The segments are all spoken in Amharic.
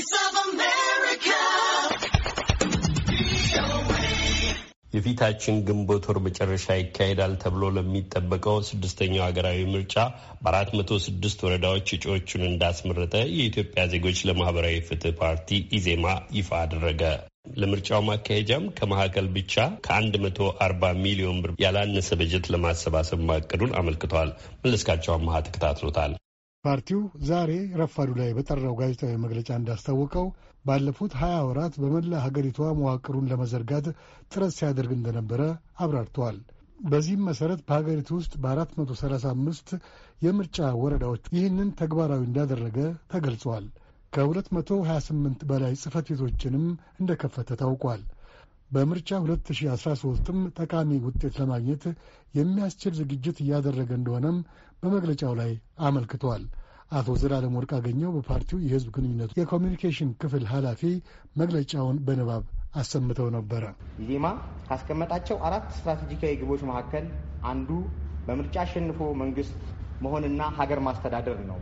Voice of America. የፊታችን ግንቦት ወር መጨረሻ ይካሄዳል ተብሎ ለሚጠበቀው ስድስተኛው ሀገራዊ ምርጫ በአራት መቶ ስድስት ወረዳዎች እጩዎቹን እንዳስመረጠ የኢትዮጵያ ዜጎች ለማህበራዊ ፍትህ ፓርቲ ኢዜማ ይፋ አደረገ። ለምርጫው ማካሄጃም ከማዕከል ብቻ ከአንድ መቶ አርባ ሚሊዮን ብር ያላነሰ በጀት ለማሰባሰብ ማቀዱን አመልክቷል። መለስካቸው አመሃ ተከታትሎታል። ፓርቲው ዛሬ ረፋዱ ላይ በጠራው ጋዜጣዊ መግለጫ እንዳስታወቀው ባለፉት ሀያ ወራት በመላ ሀገሪቷ መዋቅሩን ለመዘርጋት ጥረት ሲያደርግ እንደነበረ አብራርተዋል። በዚህም መሰረት በሀገሪቱ ውስጥ በ435 የምርጫ ወረዳዎች ይህንን ተግባራዊ እንዳደረገ ተገልጿል። ከ መቶ በላይ ጽህፈት ቤቶችንም እንደከፈተ ታውቋል። በምርጫ 2013ም ጠቃሚ ውጤት ለማግኘት የሚያስችል ዝግጅት እያደረገ እንደሆነም በመግለጫው ላይ አመልክቷል። አቶ ዘላለም ወርቅ አገኘው በፓርቲው የህዝብ ግንኙነቱ የኮሚኒኬሽን ክፍል ኃላፊ መግለጫውን በንባብ አሰምተው ነበረ። ኢዜማ ካስቀመጣቸው አራት ስትራቴጂካዊ ግቦች መካከል አንዱ በምርጫ አሸንፎ መንግስት መሆንና ሀገር ማስተዳደር ነው።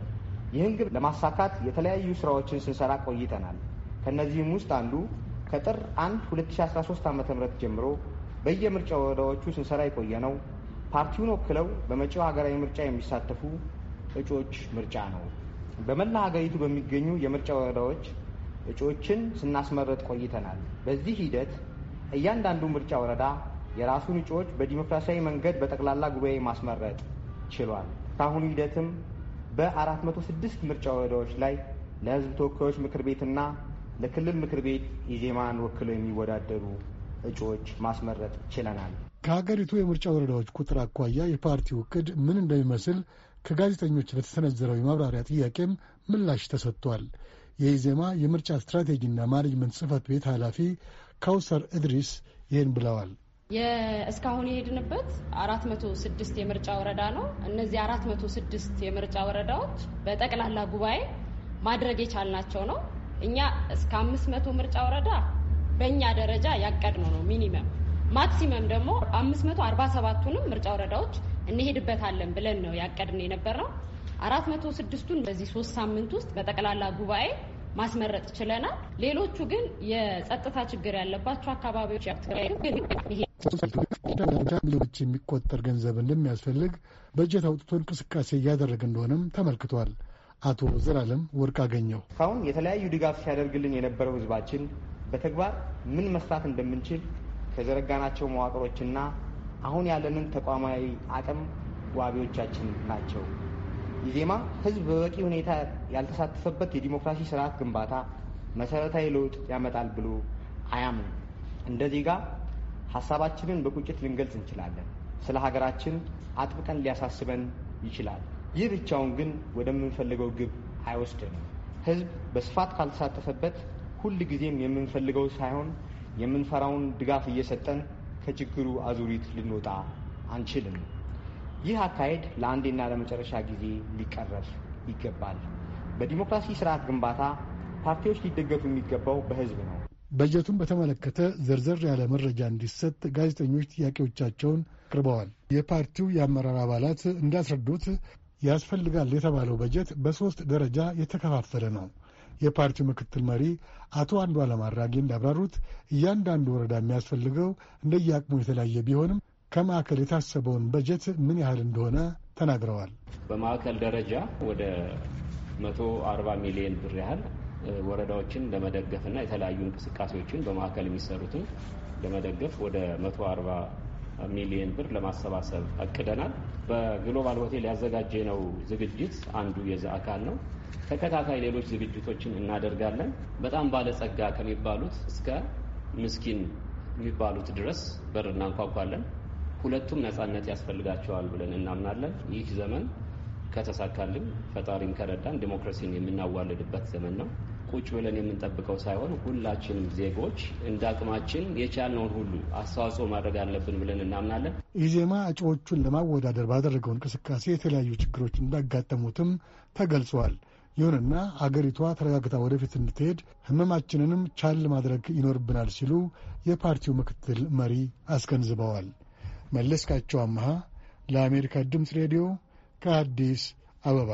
ይህን ግብ ለማሳካት የተለያዩ ስራዎችን ስንሰራ ቆይተናል። ከእነዚህም ውስጥ አንዱ ከጥር 1 2013 ዓ ም ጀምሮ በየምርጫ ወረዳዎቹ ስንሰራ የቆየ ነው። ፓርቲውን ወክለው በመጪው ሀገራዊ ምርጫ የሚሳተፉ እጩዎች ምርጫ ነው። በመላ ሀገሪቱ በሚገኙ የምርጫ ወረዳዎች እጩዎችን ስናስመረጥ ቆይተናል። በዚህ ሂደት እያንዳንዱ ምርጫ ወረዳ የራሱን እጩዎች በዲሞክራሲያዊ መንገድ በጠቅላላ ጉባኤ ማስመረጥ ችሏል። ከአሁኑ ሂደትም በ406 ምርጫ ወረዳዎች ላይ ለሕዝብ ተወካዮች ምክር ቤትና ለክልል ምክር ቤት ኢዜማን ወክለው የሚወዳደሩ እጩዎች ማስመረጥ ችለናል። ከሀገሪቱ የምርጫ ወረዳዎች ቁጥር አኳያ የፓርቲው እቅድ ምን እንደሚመስል ከጋዜጠኞች ለተሰነዘረው የማብራሪያ ጥያቄም ምላሽ ተሰጥቷል። የኢዜማ የምርጫ ስትራቴጂና ማኔጅመንት ጽህፈት ቤት ኃላፊ ካውሰር እድሪስ ይህን ብለዋል። እስካሁን የሄድንበት ስድስት የምርጫ ወረዳ ነው። እነዚህ አራት መቶ ስድስት የምርጫ ወረዳዎች በጠቅላላ ጉባኤ ማድረግ የቻልናቸው ነው። እኛ እስከ አምስት መቶ ምርጫ ወረዳ በእኛ ደረጃ ያቀድነው ነው ሚኒመም። ማክሲመም ደግሞ አምስት መቶ አርባ ሰባቱንም ምርጫ ወረዳዎች እንሄድበታለን ብለን ነው ያቀድን የነበረው። አራት መቶ ስድስቱን በዚህ ሶስት ሳምንት ውስጥ በጠቅላላ ጉባኤ ማስመረጥ ችለናል። ሌሎቹ ግን የጸጥታ ችግር ያለባቸው አካባቢዎች ሚሊዮኖች የሚቆጠር ገንዘብ እንደሚያስፈልግ በጀት አውጥቶ እንቅስቃሴ እያደረገ እንደሆነም ተመልክቷል። አቶ ዘላለም ወርቅ አገኘው እስካሁን የተለያዩ ድጋፍ ሲያደርግልን የነበረው ህዝባችን በተግባር ምን መስራት እንደምንችል ከዘረጋናቸው መዋቅሮችና አሁን ያለንን ተቋማዊ አቅም ዋቢዎቻችን ናቸው። ኢዜማ ህዝብ በበቂ ሁኔታ ያልተሳተፈበት የዲሞክራሲ ስርዓት ግንባታ መሰረታዊ ለውጥ ያመጣል ብሎ አያምንም። እንደ ዜጋ ሀሳባችንን በቁጭት ልንገልጽ እንችላለን። ስለ ሀገራችን አጥብቀን ሊያሳስበን ይችላል። ይህ ብቻውን ግን ወደምንፈልገው ግብ አይወስድንም። ህዝብ በስፋት ካልተሳተፈበት ሁል ጊዜም የምንፈልገው ሳይሆን የምንፈራውን ድጋፍ እየሰጠን ከችግሩ አዙሪት ልንወጣ አንችልም። ይህ አካሄድ ለአንዴና ለመጨረሻ ጊዜ ሊቀረፍ ይገባል። በዲሞክራሲ ስርዓት ግንባታ ፓርቲዎች ሊደገፉ የሚገባው በህዝብ ነው። በጀቱን በተመለከተ ዘርዘር ያለ መረጃ እንዲሰጥ ጋዜጠኞች ጥያቄዎቻቸውን አቅርበዋል። የፓርቲው የአመራር አባላት እንዳስረዱት ያስፈልጋል የተባለው በጀት በሶስት ደረጃ የተከፋፈለ ነው። የፓርቲው ምክትል መሪ አቶ አንዱ አለማራጊ እንዳብራሩት እያንዳንዱ ወረዳ የሚያስፈልገው እንደየአቅሙ የተለያየ ቢሆንም ከማዕከል የታሰበውን በጀት ምን ያህል እንደሆነ ተናግረዋል። በማዕከል ደረጃ ወደ 140 ሚሊዮን ብር ያህል ወረዳዎችን ለመደገፍና የተለያዩ እንቅስቃሴዎችን በማዕከል የሚሰሩትን ለመደገፍ ወደ 140 ሚሊዮን ብር ለማሰባሰብ አቅደናል። በግሎባል ሆቴል ያዘጋጀ ነው ዝግጅት አንዱ የዛ አካል ነው። ተከታታይ ሌሎች ዝግጅቶችን እናደርጋለን። በጣም ባለጸጋ ከሚባሉት እስከ ምስኪን የሚባሉት ድረስ በር እናንኳኳለን። ሁለቱም ነጻነት ያስፈልጋቸዋል ብለን እናምናለን። ይህ ዘመን ከተሳካልን ፈጣሪን ከረዳን ዲሞክራሲን የምናዋልድበት ዘመን ነው። ቁጭ ብለን የምንጠብቀው ሳይሆን ሁላችንም ዜጎች እንደ አቅማችን የቻልነውን ሁሉ አስተዋጽኦ ማድረግ አለብን ብለን እናምናለን። ኢዜማ እጩዎቹን ለማወዳደር ባደረገው እንቅስቃሴ የተለያዩ ችግሮች እንዳጋጠሙትም ተገልጿል። ይሁንና አገሪቷ ተረጋግታ ወደፊት እንድትሄድ ህመማችንንም ቻል ማድረግ ይኖርብናል ሲሉ የፓርቲው ምክትል መሪ አስገንዝበዋል። መለስካቸው አምሃ ለአሜሪካ ድምፅ ሬዲዮ ከአዲስ አበባ